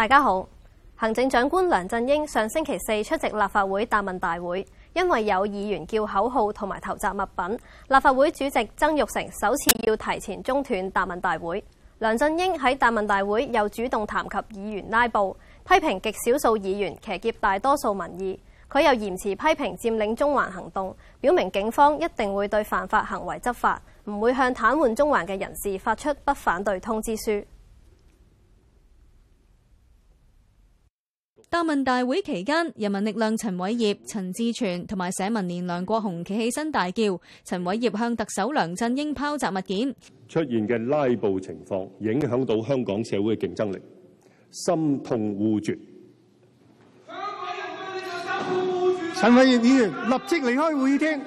大家好，行政長官梁振英上星期四出席立法會答問大會，因為有議員叫口號同埋投擲物品，立法會主席曾鈺成首次要提前中斷答問大會。梁振英喺答問大會又主動談及議員拉布，批評極少數議員騎劫大多數民意。佢又嚴詞批評佔領中環行動，表明警方一定會對犯法行為執法，唔會向癱瘓中環嘅人士發出不反對通知書。答問大會期間，人民力量陳偉業、陳志全同埋社民連梁國雄企起身大叫，陳偉業向特首梁振英拋擲物件，出現嘅拉布情況影響到香港社會嘅競爭力，心痛護絕。陳偉業議員立即離開會議廳，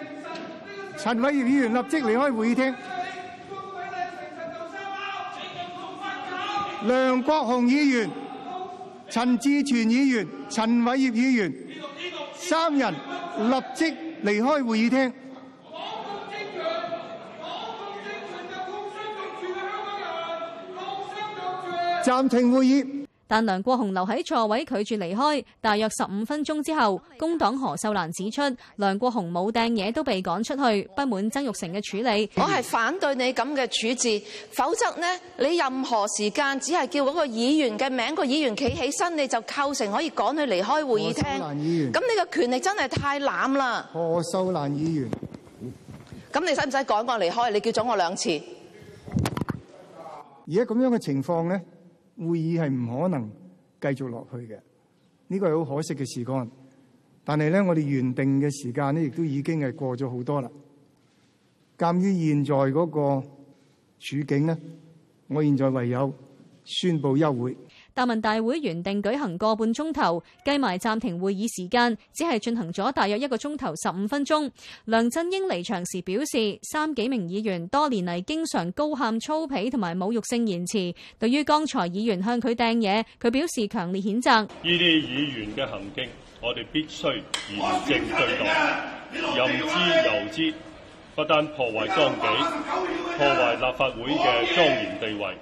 陳偉業議員立即離開會議廳。梁國雄議員。陳志全議員、陳偉業議員三人立即離開會議廳。暫停會議。但梁國雄留喺座位拒絕離開，大約十五分鐘之後，工黨何秀蘭指出梁國雄冇掟嘢都被趕出去，不滿曾鈺成嘅處理。我係反對你咁嘅處置，否則呢，你任何時間只係叫嗰個議員嘅名，個議員企起身你就構成可以趕佢離開會議廳。何秀蘭議員，咁你嘅權力真係太濫啦。何秀蘭議員，咁你使唔使趕我離開？你叫咗我兩次。而家咁樣嘅情況呢？會議係唔可能繼續落去嘅，呢個係好可惜嘅事幹。但係咧，我哋原定嘅時間咧，亦都已經係過咗好多啦。鑑於現在嗰個處境咧，我現在唯有宣布休會。答問大會原定舉行個半鐘頭，計埋暫停會議時間，只係進行咗大約一個鐘頭十五分鐘。梁振英離場時表示，三幾名議員多年嚟經常高喊粗鄙同埋侮辱性言辭。對於剛才議員向佢掟嘢，佢表示強烈譴責。呢啲議員嘅行徑，我哋必須嚴正對待，任之由之，不單破壞莊紀，破壞立法會嘅莊嚴地位。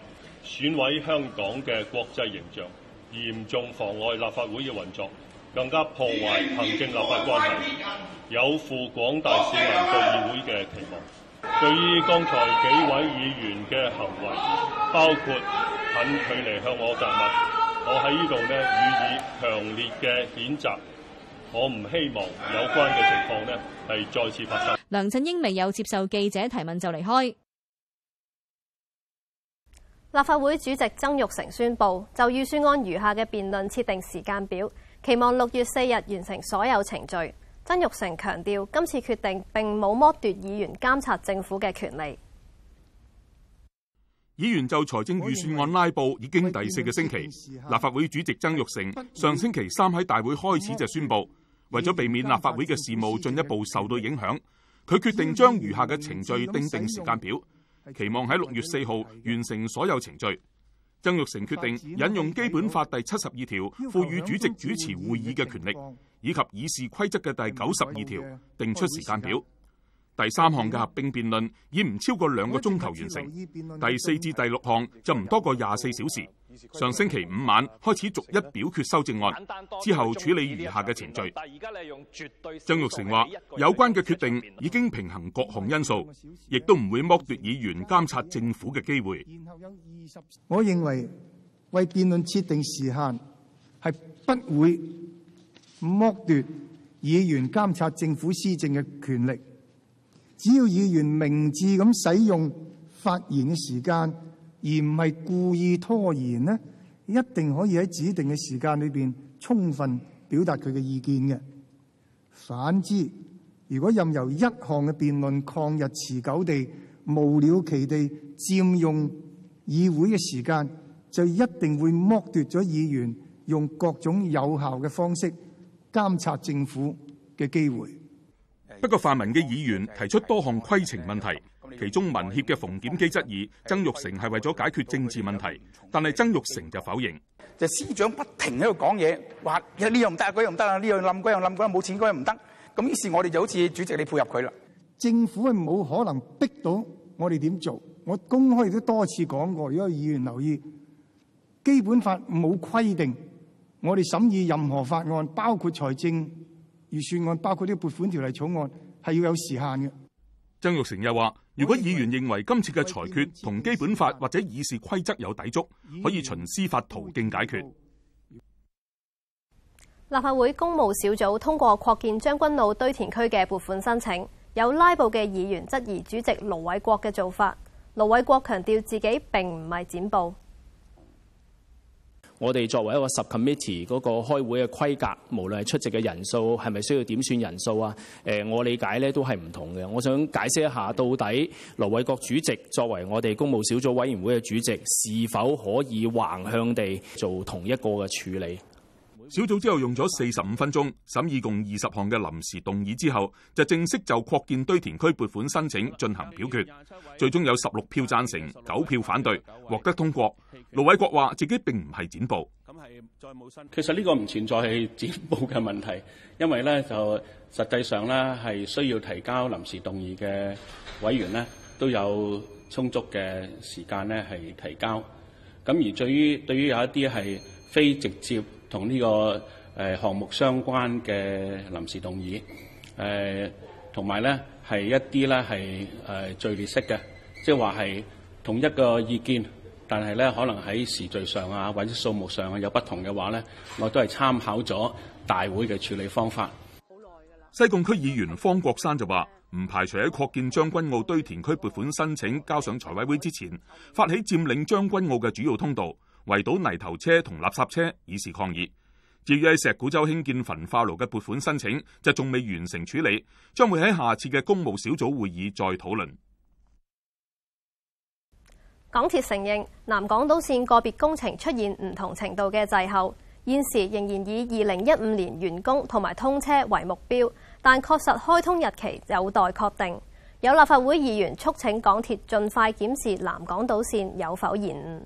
損毀香港嘅國際形象，嚴重妨礙立法會嘅運作，更加破壞行政立法關係，有負廣大市民對議會嘅期望。對於剛才幾位議員嘅行為，包括近距離向我擲物，我喺呢度呢，予以強烈嘅譴責。我唔希望有關嘅情況呢係再次發生。梁振英未有接受記者提問就離開。立法會主席曾鈺成宣布就預算案餘下嘅辯論設定時間表，期望六月四日完成所有程序。曾鈺成強調，今次決定並冇剝奪議員監察政府嘅權利。議員就財政預算案拉布已經第四個星期，立法會主席曾鈺成上星期三喺大會開始就宣布，為咗避免立法會嘅事務進一步受到影響，佢決定將餘下嘅程序訂定時間表。期望喺六月四號完成所有程序。曾鈺成決定引用《基本法》第七十二條，賦予主席主持會議嘅權力，以及議事規則嘅第九十二條，定出時間表。第三項嘅合併辯論已唔超過兩個鐘頭完成，第四至第六項就唔多過廿四小時。上星期五晚開始逐一表決修正案，之後處理餘下嘅程序。曾鈺成話：有關嘅決定已經平衡各項因素，亦都唔會剝奪議員監察政府嘅機會。我認為為辯論設定時限係不會剝奪議員監察政府施政嘅權力。只要議員明智咁使用發言嘅時間，而唔係故意拖延呢，一定可以喺指定嘅時間裏面充分表達佢嘅意見嘅。反之，如果任由一項嘅辯論曠日持久地無了期地佔用議會嘅時間，就一定會剝奪咗議員用各種有效嘅方式監察政府嘅機會。不過泛民嘅議員提出多項規程問題，其中民協嘅馮檢基質疑曾鈺成係為咗解決政治問題，但係曾鈺成就否認。就司長不停喺度講嘢，話呢樣唔得，嗰樣唔得，呢樣冧，嗰樣冧，嗰樣冇錢，嗰樣唔得。咁於是我哋就好似主席，你配合佢啦。政府係冇可能逼到我哋點做，我公開亦都多次講過，如果議員留意，基本法冇規定，我哋審議任何法案，包括財政。預算案包括啲撥款條例草案，係要有時限嘅。曾鈺成又話，如果議員認為今次嘅裁決同基本法或者議事規則有抵觸，可以循司法途徑解決。立法會工務小組通過擴建將軍澳堆填區嘅撥款申請，有拉布嘅議員質疑主席盧偉國嘅做法。盧偉國強調自己並唔係剪布。我哋作為一個 subcommittee 嗰個開會嘅規格，無論係出席嘅人數，係咪需要點算人數啊？我理解咧都係唔同嘅。我想解釋一下，到底盧偉國主席作為我哋工務小組委員會嘅主席，是否可以橫向地做同一個嘅處理？小組之後用咗四十五分鐘審議共二十項嘅臨時動議之後，就正式就擴建堆填區撥款申請進行表決，最終有十六票贊成，九票反對，獲得通過。盧偉國話：自己並唔係剪布。咁係再冇新，其實呢個唔存在係剪布嘅問題，因為咧就實際上咧係需要提交臨時動議嘅委員呢都有充足嘅時間咧係提交。咁而對於對於有一啲係非直接同呢個誒項目相關嘅臨時動議，誒同埋咧係一啲咧係誒序列式嘅，即係話係同一個意見，但係咧可能喺時序上啊或者數目上有不同嘅話咧，我都係參考咗大會嘅處理方法。西貢區議員方國珊就話：唔排除喺擴建將軍澳堆填區撥款申請交上財委會之前，發起佔領將軍澳嘅主要通道。圍堵泥頭車同垃圾車，以示抗議。至於喺石鼓洲興建焚化爐嘅撥款申請，就仲未完成處理，將會喺下次嘅工務小組會議再討論。港鐵承認南港島綫個別工程出現唔同程度嘅滯後，現時仍然以二零一五年完工同埋通車為目標，但確實開通日期有待確定。有立法會議員促請港鐵盡快檢視南港島綫有否延誤。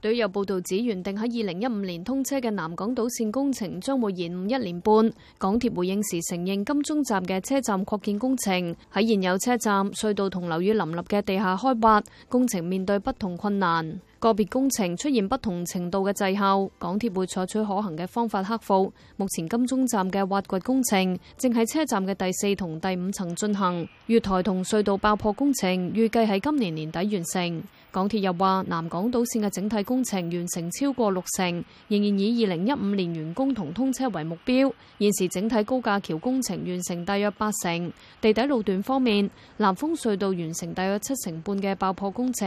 對於有報導指原定喺二零一五年通車嘅南港島線工程將會延誤一年半，港鐵回應時承認金鐘站嘅車站擴建工程喺現有車站隧道同樓宇林立嘅地下開挖工程，面對不同困難。個別工程出現不同程度嘅滯後，港鐵會採取可行嘅方法克服。目前金鐘站嘅挖掘工程正喺車站嘅第四同第五層進行，月台同隧道爆破工程預計喺今年年底完成。港鐵又話，南港島綫嘅整體工程完成超過六成，仍然以二零一五年完工同通車為目標。現時整體高架橋工程完成大約八成，地底路段方面，南風隧道完成大約七成半嘅爆破工程，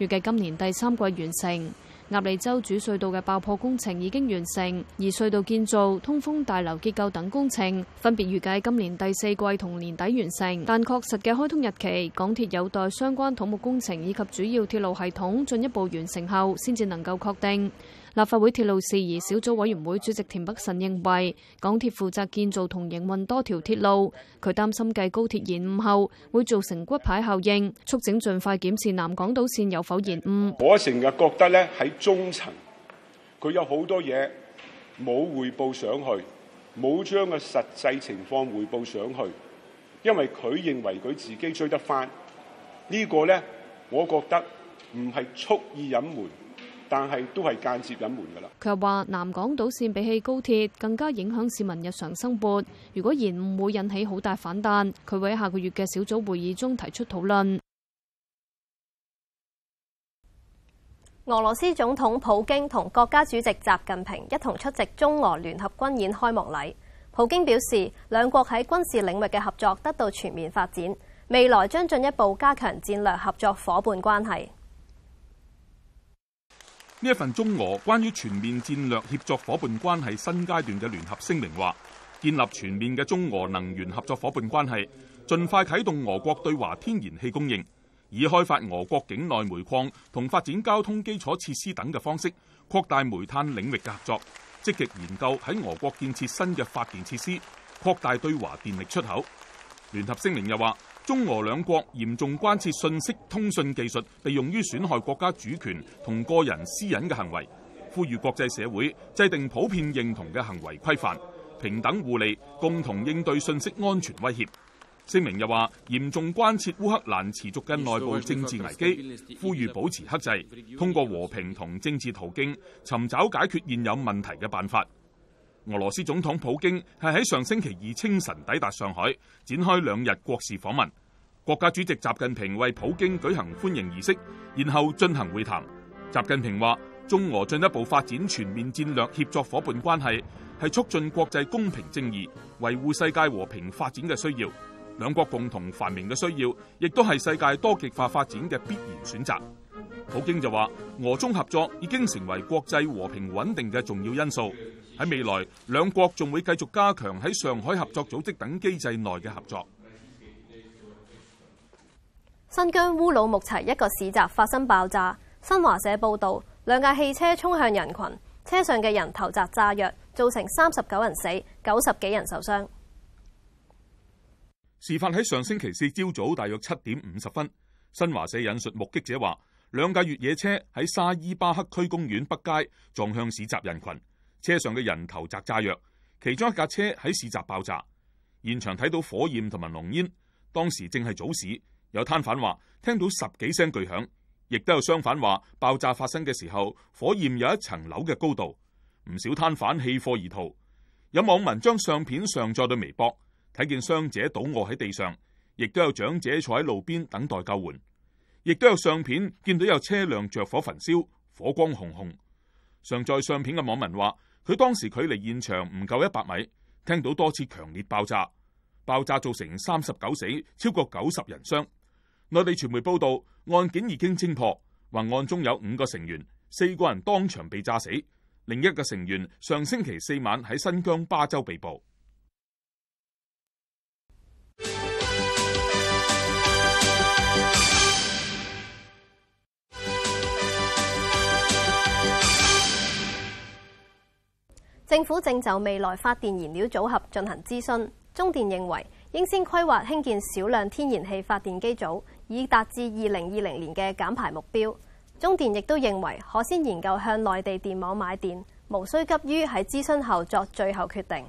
預計今年第三季，完成。鴨脷洲主隧道嘅爆破工程已經完成，而隧道建造、通風大樓結構等工程分別預計今年第四季同年底完成，但確實嘅開通日期，港鐵有待相關土木工程以及主要鐵路系統進一步完成後先至能夠確定。立法會鐵路事宜小組委員會主席田北辰認為，港鐵負責建造同營運多條鐵路，佢擔心繼高鐵延誤後會造成骨牌效應，促請盡快檢視南港島綫有否延誤。我成日覺得咧喺中層，佢有好多嘢冇匯報上去，冇將個實際情況匯報上去，因為佢認為佢自己追得翻，呢個呢，我覺得唔係蓄意隱瞞。但係都係間接隱瞞㗎啦。佢又話：南港島線比起高鐵更加影響市民日常生活，如果延誤會引起好大反彈，佢會喺下個月嘅小組會議中提出討論。俄羅斯總統普京同國家主席習近平一同出席中俄聯合軍演開幕禮。普京表示，兩國喺軍事領域嘅合作得到全面發展，未來將進一步加強戰略合作夥伴關係。呢一份中俄關於全面戰略協作夥伴關係新階段嘅聯合聲明話，建立全面嘅中俄能源合作夥伴關係，盡快啟動俄國對華天然氣供應，以開發俄國境內煤礦同發展交通基礎設施等嘅方式擴大煤炭領域嘅合作，積極研究喺俄國建設新嘅發電設施，擴大對華電力出口。聯合聲明又話。中俄兩國嚴重關切信息通訊技術被用於損害國家主權同個人私隱嘅行為，呼籲國際社會制定普遍認同嘅行為規範，平等互利，共同應對信息安全威脅。聲明又話，嚴重關切烏克蘭持續嘅內部政治危機，呼籲保持克制，通過和平同政治途徑尋找解決現有問題嘅辦法。俄羅斯總統普京係喺上星期二清晨抵達上海，展開兩日國事訪問。國家主席習近平為普京舉行歡迎儀式，然後進行會談。習近平話：中俄進一步發展全面戰略協作夥伴關係，係促進國際公平正義、維護世界和平發展嘅需要，兩國共同繁榮嘅需要，亦都係世界多極化發展嘅必然選擇。普京就話：俄中合作已經成為國際和平穩定嘅重要因素。喺未來，兩國仲會繼續加強喺上海合作組織等機制內嘅合作。新疆烏魯木齊一個市集發生爆炸。新華社報導，兩架汽車衝向人群，車上嘅人頭砸炸藥，造成三十九人死，九十幾人受傷。事發喺上星期四朝早，大約七點五十分。新華社引述目擊者話，兩架越野車喺沙依巴克區公園北街撞向市集人群，車上嘅人頭砸炸藥，其中一架車喺市集爆炸，現場睇到火焰同埋濃煙。當時正係早市。有攤販話聽到十幾聲巨響，亦都有商販話爆炸發生嘅時候，火焰有一層樓嘅高度。唔少攤販棄貨而逃。有網民將相片上載到微博，睇見傷者倒臥喺地上，亦都有長者坐喺路邊等待救援。亦都有相片見到有車輛着火焚燒，火光紅紅。上載相片嘅網民話，佢當時距離現場唔夠一百米，聽到多次強烈爆炸，爆炸造成三十九死，超過九十人傷。內地傳媒報道，案件已經偵破，話案中有五個成員，四個人當場被炸死，另一個成員上星期四晚喺新疆巴州被捕。政府正就未來發電燃料組合進行諮詢，中電認為應先規劃興建少量天然氣發電機組。以達至二零二零年嘅減排目標，中電亦都認為可先研究向內地電網買電，無需急於喺諮詢後作最後決定。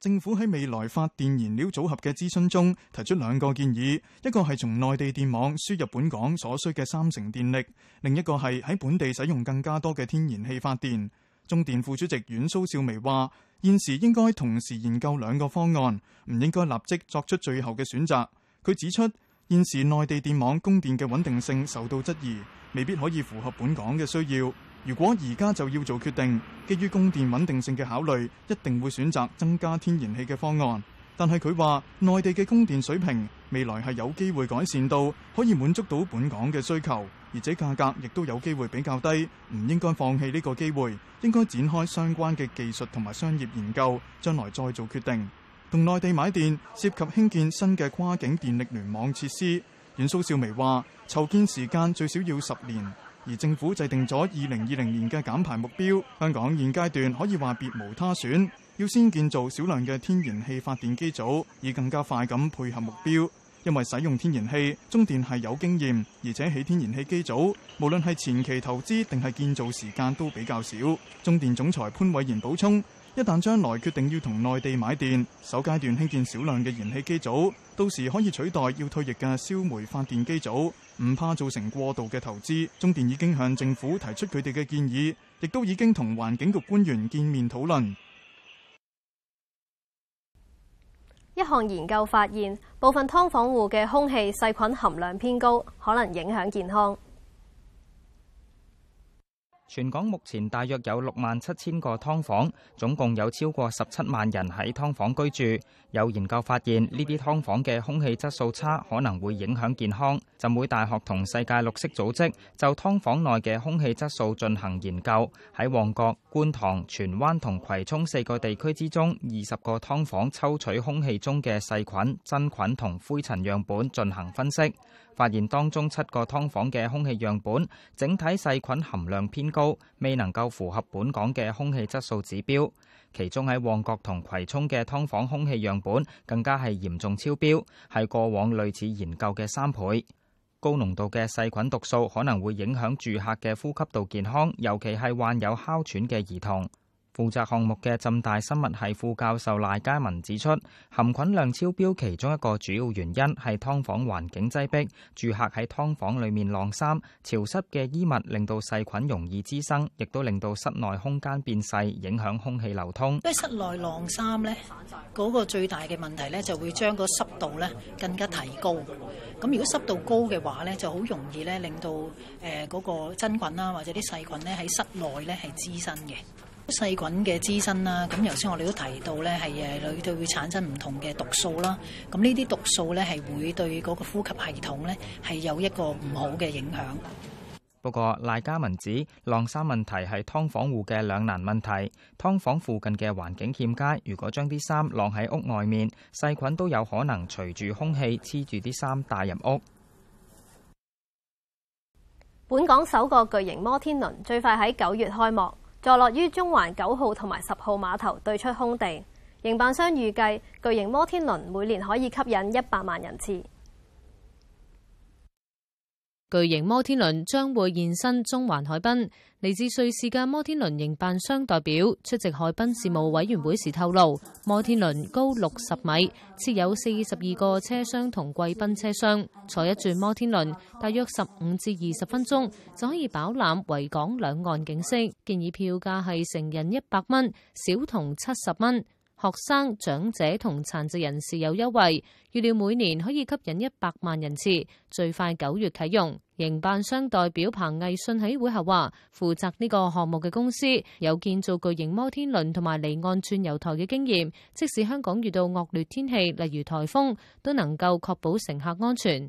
政府喺未來發電燃料組合嘅諮詢中提出兩個建議，一個係從內地電網輸入本港所需嘅三成電力，另一個係喺本地使用更加多嘅天然氣發電。中電副主席阮蘇少湄話，現時應該同時研究兩個方案，唔應該立即作出最後嘅選擇。佢指出，現時內地電網供電嘅穩定性受到質疑，未必可以符合本港嘅需要。如果而家就要做決定，基於供電穩定性嘅考慮，一定會選擇增加天然氣嘅方案。但係佢話，內地嘅供電水平未來係有機會改善到，可以滿足到本港嘅需求，而且價格亦都有機會比較低，唔應該放棄呢個機會，應該展開相關嘅技術同埋商業研究，將來再做決定。同內地買電涉及興建新嘅跨境電力聯網設施，阮蘇少湄話，籌建時間最少要十年，而政府制定咗二零二零年嘅減排目標，香港現階段可以話別無他選。要先建造少量嘅天然氣發電機組，以更加快咁配合目標。因為使用天然氣，中電係有經驗，而且起天然氣機組無論係前期投資定係建造時間都比較少。中電總裁潘偉賢補充，一旦將來決定要同內地買電，首階段興建少量嘅燃氣機組，到時可以取代要退役嘅燒煤發電機組，唔怕造成過度嘅投資。中電已經向政府提出佢哋嘅建議，亦都已經同環境局官員見面討論。一項研究發現，部分劏房戶嘅空氣細菌含量偏高，可能影響健康。全港目前大約有六萬七千個劏房，總共有超過十七萬人喺劏房居住。有研究發現呢啲劏房嘅空氣質素差，可能會影響健康。浸會大學同世界綠色組織就劏房內嘅空氣質素進行研究。喺旺角、觀塘、荃灣同葵涌四個地區之中，二十個劏房抽取空氣中嘅細菌、真菌同灰塵樣本進行分析。發現當中七個劏房嘅空氣樣本，整體細菌含量偏高，未能夠符合本港嘅空氣質素指標。其中喺旺角同葵涌嘅劏房空氣樣本更加係嚴重超標，係過往類似研究嘅三倍。高濃度嘅細菌毒素可能會影響住客嘅呼吸道健康，尤其係患有哮喘嘅兒童。負責項目嘅浸大生物系副教授賴嘉文指出，含菌量超標，其中一個主要原因係劏房環境擠迫，住客喺劏房裡面晾衫，潮濕嘅衣物令到細菌容易滋生，亦都令到室內空間變細，影響空氣流通。喺室內晾衫呢，嗰個最大嘅問題呢，就會將個濕度呢更加提高。咁如果濕度高嘅話呢，就好容易呢令到誒嗰個真菌啦，或者啲細菌呢喺室內呢係滋生嘅。細菌嘅滋生啦，咁頭先我哋都提到咧，係誒佢對會產生唔同嘅毒素啦。咁呢啲毒素咧，係會對嗰個呼吸系統咧係有一個唔好嘅影響。不過，賴家文指晾衫問題係劏房戶嘅兩難問題。劏房附近嘅環境欠佳，如果將啲衫晾喺屋外面，細菌都有可能隨住空氣黐住啲衫帶入屋。本港首個巨型摩天輪最快喺九月開幕。坐落於中環九號同埋十號碼頭對出空地，營辦商預計巨型摩天輪每年可以吸引一百萬人次。巨型摩天輪將會現身中環海濱。嚟自瑞士嘅摩天輪營辦商代表出席海濱事務委員會時透露，摩天輪高六十米，設有四十二個車廂同貴賓車廂。坐一轉摩天輪，大約十五至二十分鐘就可以飽覽維港兩岸景色。建議票價係成人一百蚊，小童七十蚊。學生、長者同殘疾人士有優惠，預料每年可以吸引一百萬人次，最快九月啟用。營辦商代表彭毅信喺會後話：負責呢個項目嘅公司有建造巨型摩天輪同埋離岸鑽油台嘅經驗，即使香港遇到惡劣天氣，例如颱風，都能夠確保乘客安全。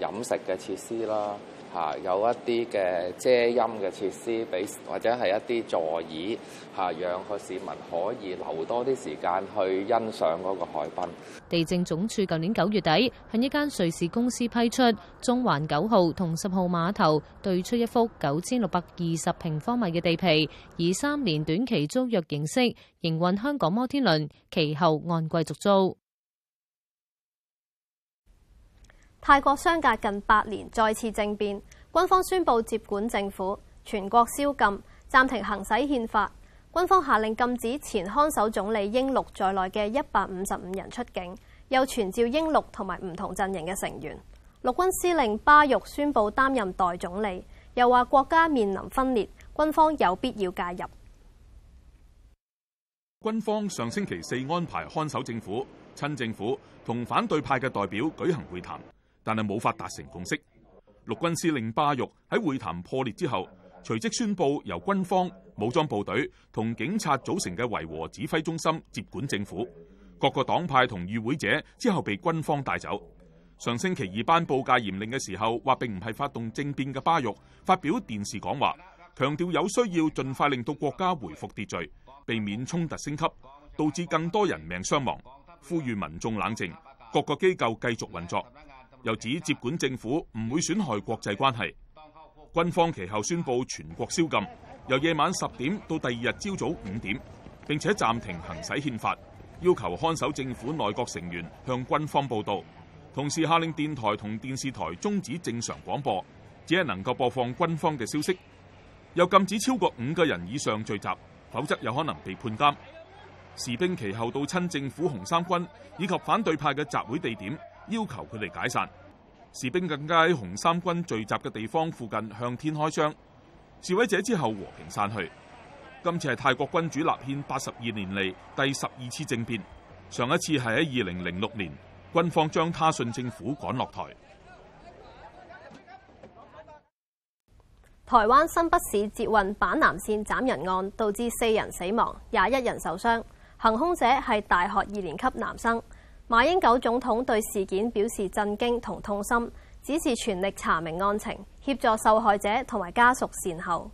飲食嘅設施啦，有一啲嘅遮陰嘅設施，俾或者係一啲座椅，嚇讓個市民可以多留多啲時間去欣賞嗰個海濱。地政總署舊年九月底向一間瑞士公司批出中環九號同十號碼頭對出一幅九千六百二十平方米嘅地皮，以三年短期租約形式營運香港摩天輪，其後按季續租。泰國相隔近八年再次政變，軍方宣布接管政府，全國宵禁，暫停行使憲法。軍方下令禁止前看守總理英禄在內嘅一百五十五人出境，又傳召英禄同埋唔同陣營嘅成員。陸軍司令巴育宣布擔任代總理，又話國家面臨分裂，軍方有必要介入。軍方上星期四安排看守政府、親政府同反對派嘅代表舉行會談。但係冇法達成共識。陸軍司令巴育喺會談破裂之後，隨即宣布由軍方武裝部隊同警察組成嘅維和指揮中心接管政府。各個黨派同與會者之後被軍方帶走。上星期二頒布戒嚴令嘅時候，話並唔係發動政變嘅巴育發表電視講話，強調有需要盡快令到國家回復秩序，避免衝突升級，導致更多人命傷亡，呼籲民眾冷靜，各個機構繼續運作。又指接管政府唔會損害國際關係。軍方其後宣布全國宵禁，由夜晚十點到第二日朝早五點，並且暫停行使憲法，要求看守政府內閣成員向軍方報到，同時下令電台同電視台終止正常廣播，只係能夠播放軍方嘅消息，又禁止超過五個人以上聚集，否則有可能被判監。士兵其後到親政府紅衫軍以及反對派嘅集會地點。要求佢哋解散，士兵更加喺紅衫軍聚集嘅地方附近向天開槍示威者之後和平散去。今次係泰國君主立憲八十二年嚟第十二次政變，上一次係喺二零零六年，軍方將他信政府趕落台。台灣新北市捷運板南線斬人案導致四人死亡，廿一人受傷，行凶者係大學二年級男生。馬英九總統對事件表示震驚同痛心，指示全力查明案情，協助受害者同埋家屬善後。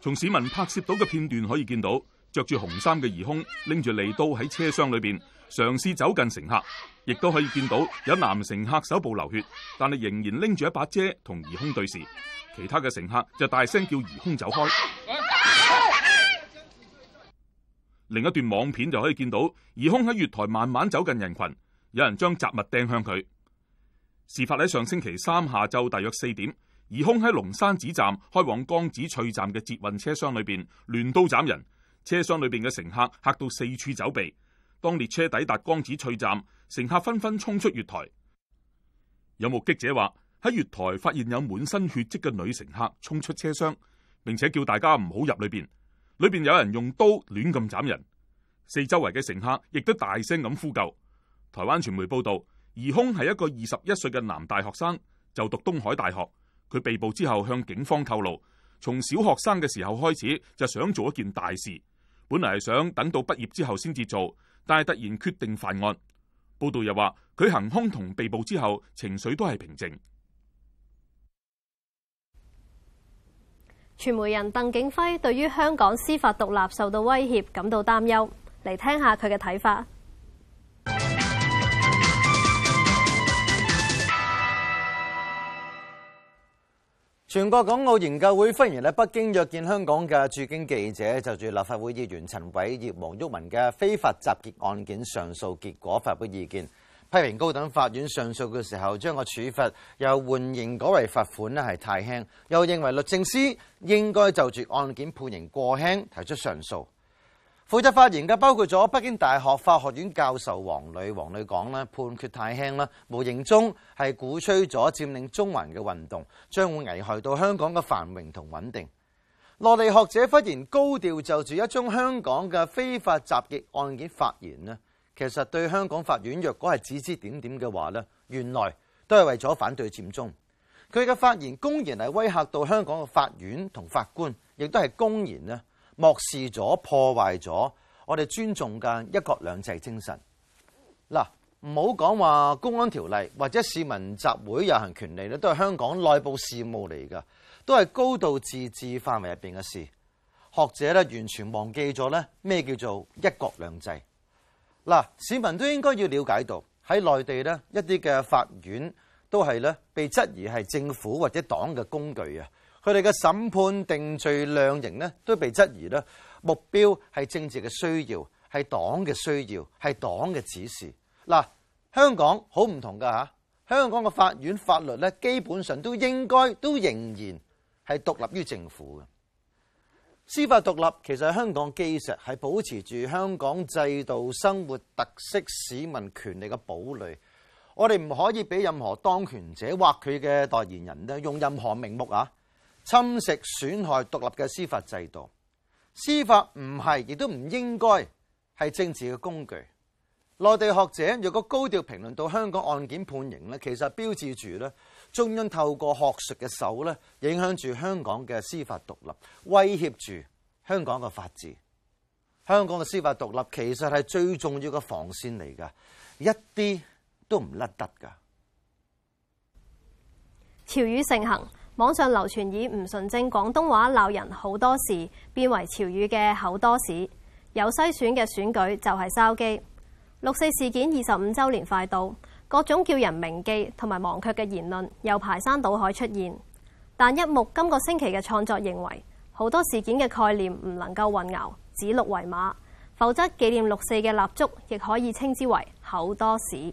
從市民拍攝到嘅片段可以見到，着住紅衫嘅疑兇拎住利刀喺車廂裏邊，嘗試走近乘客。亦都可以見到有男乘客手部流血，但係仍然拎住一把遮同疑兇對視。其他嘅乘客就大聲叫疑兇走開。另一段網片就可以見到，疑兇喺月台慢慢走近人群，有人將雜物掟向佢。事發喺上星期三下晝大約四點，疑兇喺龍山寺站開往江子翠站嘅捷運車廂裏邊亂刀斬人，車廂裏邊嘅乘客嚇到四處走避。當列車抵達江子翠站，乘客紛紛衝出月台。有目擊者話喺月台發現有滿身血跡嘅女乘客衝出車廂，並且叫大家唔好入裏邊。裏邊有人用刀亂咁斬人，四周圍嘅乘客亦都大聲咁呼救。台灣傳媒報道，疑兇係一個二十一歲嘅男大學生，就讀東海大學。佢被捕之後向警方透露，從小學生嘅時候開始就想做一件大事，本嚟係想等到畢業之後先至做，但係突然決定犯案。報道又話佢行兇同被捕之後情緒都係平靜。傳媒人鄧景輝對於香港司法獨立受到威脅感到擔憂，嚟聽下佢嘅睇法。全國港澳研究會忽然喺北京約見香港嘅駐京記者，就住立法會議員陳偉業、黃毓民嘅非法集結案件上訴結果發表意見。批評高等法院上訴嘅時候，將個處罰由緩刑改為罰款咧，係太輕。又認為律政司應該就住案件判刑過輕提出上訴。負責發言嘅包括咗北京大學法學院教授王磊。王磊講咧，判決太輕啦，無形中係鼓吹咗佔領中環嘅運動，將會危害到香港嘅繁榮同穩定。落嚟學者忽然高調就住一宗香港嘅非法集結案件發言咧其實對香港法院若果係指指點點嘅話咧，原來都係為咗反對佔中。佢嘅發言公然係威嚇到香港嘅法院同法官，亦都係公然咧漠視咗破壞咗我哋尊重嘅一國兩制精神。嗱，唔好講話公安條例或者市民集會遊行權利都係香港內部事務嚟噶，都係高度自治範圍入邊嘅事。學者咧完全忘記咗咧咩叫做一國兩制。嗱，市民都應該要了解到喺內地呢，一啲嘅法院都係咧被質疑係政府或者黨嘅工具啊，佢哋嘅審判定罪量刑咧都被質疑咧，目標係政治嘅需要，係黨嘅需要，係黨嘅指示。嗱，香港好唔同㗎吓，香港嘅法院法律咧基本上都應該都仍然係獨立於政府嘅。司法獨立，其實香港基石，係保持住香港制度生活特色、市民權利嘅堡壘。我哋唔可以俾任何當權者或佢嘅代言人呢，用任何名目啊，侵蝕損害獨立嘅司法制度。司法唔係，亦都唔應該係政治嘅工具。內地學者若果高調評論到香港案件判刑呢，其實標誌住呢中央透過學術嘅手咧，影響住香港嘅司法獨立，威脅住香港嘅法治。香港嘅司法獨立其實係最重要嘅防線嚟㗎，一啲都唔甩得㗎。潮語盛行，網上流傳以唔純正廣東話鬧人好多時，變為潮語嘅口多士。有篩選嘅選舉就係筲箕。六四事件二十五週年快到。各種叫人銘記同埋忘卻嘅言論又排山倒海出現，但一木今個星期嘅創作認為好多事件嘅概念唔能夠混淆，指鹿為馬，否則紀念六四嘅蠟燭亦可以稱之為口多屎。